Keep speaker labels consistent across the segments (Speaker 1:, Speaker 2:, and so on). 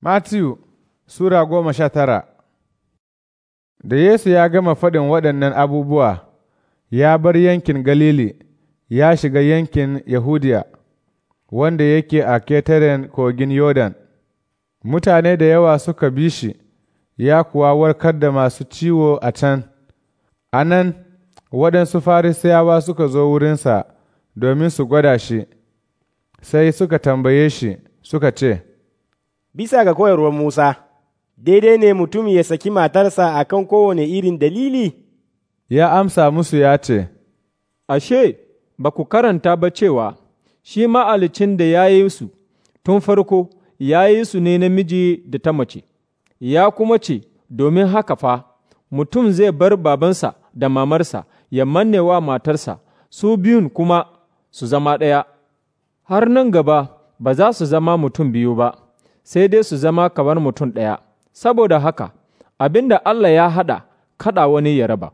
Speaker 1: Matthew, Sura goma sha tara Da Yesu ya gama faɗin waɗannan abubuwa, ya bar yankin Galili, ya shiga yankin Yahudiya, wanda yake a ketaren kogin Yodan. Mutane da yawa suka bi shi, ya kuwa warkar da masu ciwo a can. A nan, waɗansu Farisiyawa suka zo wurinsa domin su gwada shi, sai suka tambaye shi, suka ce,
Speaker 2: bisa ga koyarwar Musa, daidai ne mutum ya saki matarsa a kan kowane irin dalili? Ya amsa musu ya ce, Ashe, ba ku karanta ba cewa, shi ma'alicin da ya yi su tun farko ya yi su ne namiji da ta mace, ya kuma ce, domin haka fa, mutum zai bar babansa da mamarsa ya manne wa matarsa, su biyun kuma su zama ɗaya, har nan gaba ba za su zama mutum biyu ba. sai dai su zama kamar mutum ɗaya, saboda haka abin da Allah ya haɗa kaɗa wani ya raba.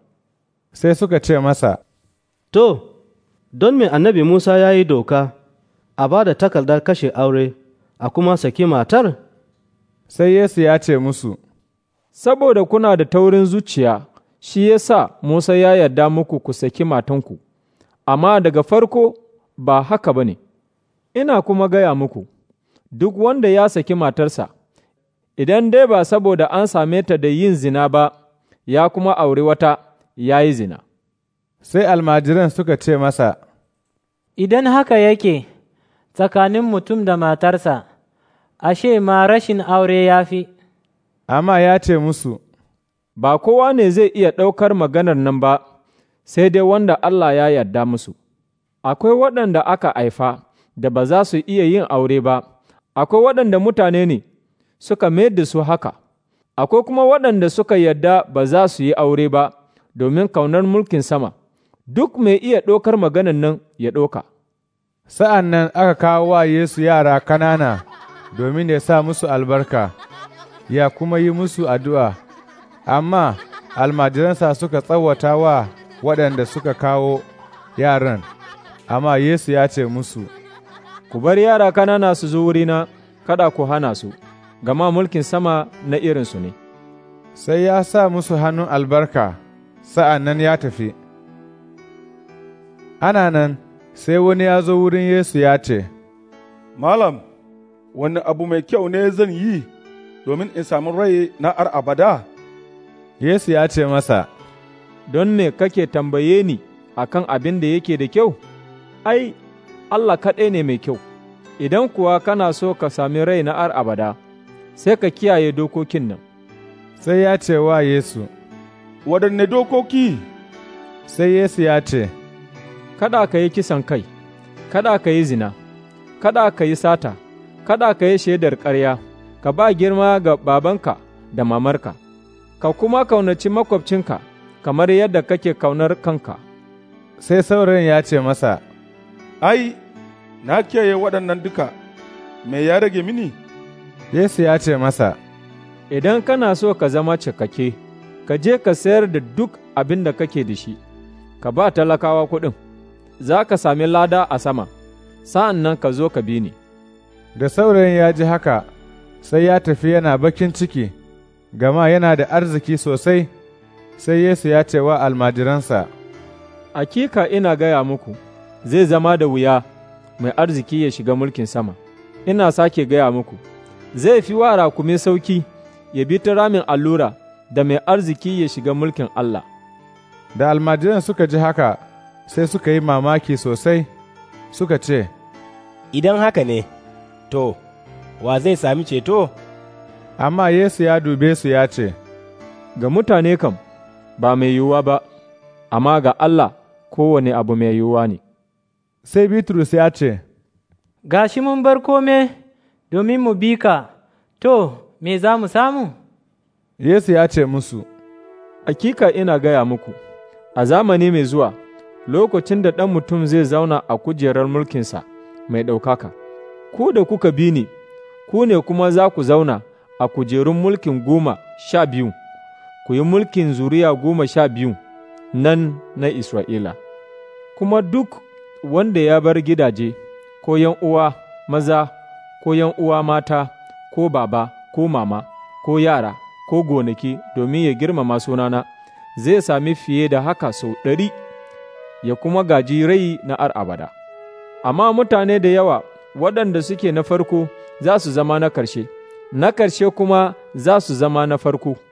Speaker 2: Sai suka ce masa, To, don me annabi Musa ya yi doka, a ba da takardar kashe aure, a kuma saki matar? Sai Yesu ya ce musu, Saboda kuna da taurin zuciya, shi ya sa Musa ya yarda muku ku saki matanku, amma daga farko ba haka ba ne, ina kuma gaya muku. duk wanda ya saki matarsa, idan dai ba saboda an same ta da yin zina ba, ya kuma auri wata ya yi zina. Sai almajiran suka ce masa, Idan haka yake tsakanin mutum da matarsa, ashe ma rashin aure ya fi. Amma ya ce musu, Ba kowa ne zai iya ɗaukar maganar nan ba, sai dai wanda Allah ya yarda musu. Akwai waɗanda aka haifa da ba za su iya yin aure ba, akwai waɗanda mutane ne suka mayar da su haka, akwai kuma waɗanda suka yarda ba za su yi aure ba domin kaunar mulkin sama, duk mai iya ɗaukar maganan nan ya ɗauka.
Speaker 1: Sa'an nan aka kawo wa Yesu yara ƙanana domin ya sa musu albarka, ya kuma yi musu addu'a, amma almajiransa suka tsawata wa waɗanda suka kawo yaran, amma
Speaker 2: Yesu ya ce musu, ku bar yara kanana su zo wurina, kada ku hana su, gama mulkin sama na irinsu ne. Sai ya sa musu hannun albarka,
Speaker 1: sa'an nan ya tafi. Ana nan, sai wani ya zo wurin Yesu ya ce, Malam, wani abu mai kyau ne zan
Speaker 2: yi domin in sami rai na ar abada? Yesu ya ce masa, Don ne kake tambaye ni a kan abin da yake da kyau? Ai, Allah kaɗai ne mai kyau, idan kuwa kana so ka sami rai na ar abada, sai ka kiyaye dokokin nan. Sai ya ce wa Yesu, waɗanne dokoki? Sai Yesu ya ce, Kada ka yi kisan kai, kada ka yi zina, kada ka yi sata, kada ka yi shaidar karya, ka ba girma ga babanka da mamarka, ka kuma kaunaci makwabcinka kamar yadda kake kaunar kanka. Sai sauran ya ce masa, Ai, na kiyaye waɗannan duka, me ya rage mini? Yesu ya ce masa, Idan kana so ka zama cikakke, ka je ka sayar da duk abin da kake da shi, ka ba talakawa kuɗin, za ka sami lada a sama, sa'an nan ka zo ka bi ni.
Speaker 1: Da saurayin ya ji haka, sai ya tafi yana bakin ciki, gama yana da arziki sosai, sai
Speaker 2: Yesu ya ce wa almajiransa, Akika ina gaya muku, zai zama da wuya mai arziki ya shiga mulkin sama. Ina sake gaya muku, zai fi wa rakumin sauki ya bi ta ramin allura da mai arziki ya shiga mulkin Allah.
Speaker 1: Da almajiran suka ji haka sai suka yi mamaki sosai suka ce, Idan haka ne, to, wa zai sami ceto?
Speaker 2: Amma Yesu ya dube su ya ce, Ga mutane kam, ba mai yiwuwa ba, amma ga Allah kowane abu mai yiwuwa ne. Sai Bitrus ya ce, Ga shi mun bar kome domin mu bi ka, to, me za mu samu? Yesu ya ce musu, Hakika ina gaya muku, a zamani mai zuwa, lokacin da ɗan mutum zai zauna a kujerar mulkinsa mai ɗaukaka, ku da kuka bi ni, ku ne kuma za ku zauna a kujerun mulkin goma sha biyu, ku yi mulkin zuriya goma sha biyu nan na Isra'ila, kuma duk wanda ya bar gidaje, ko ’yan uwa maza, ko uwa mata, ko baba, ko mama, ko yara, ko gonaki domin ya girmama sunana, zai sami fiye da haka sau ɗari, ya kuma gaji rai na ar abada. Amma mutane da yawa waɗanda suke na farko za su zama na ƙarshe, na ƙarshe kuma za su zama na farko.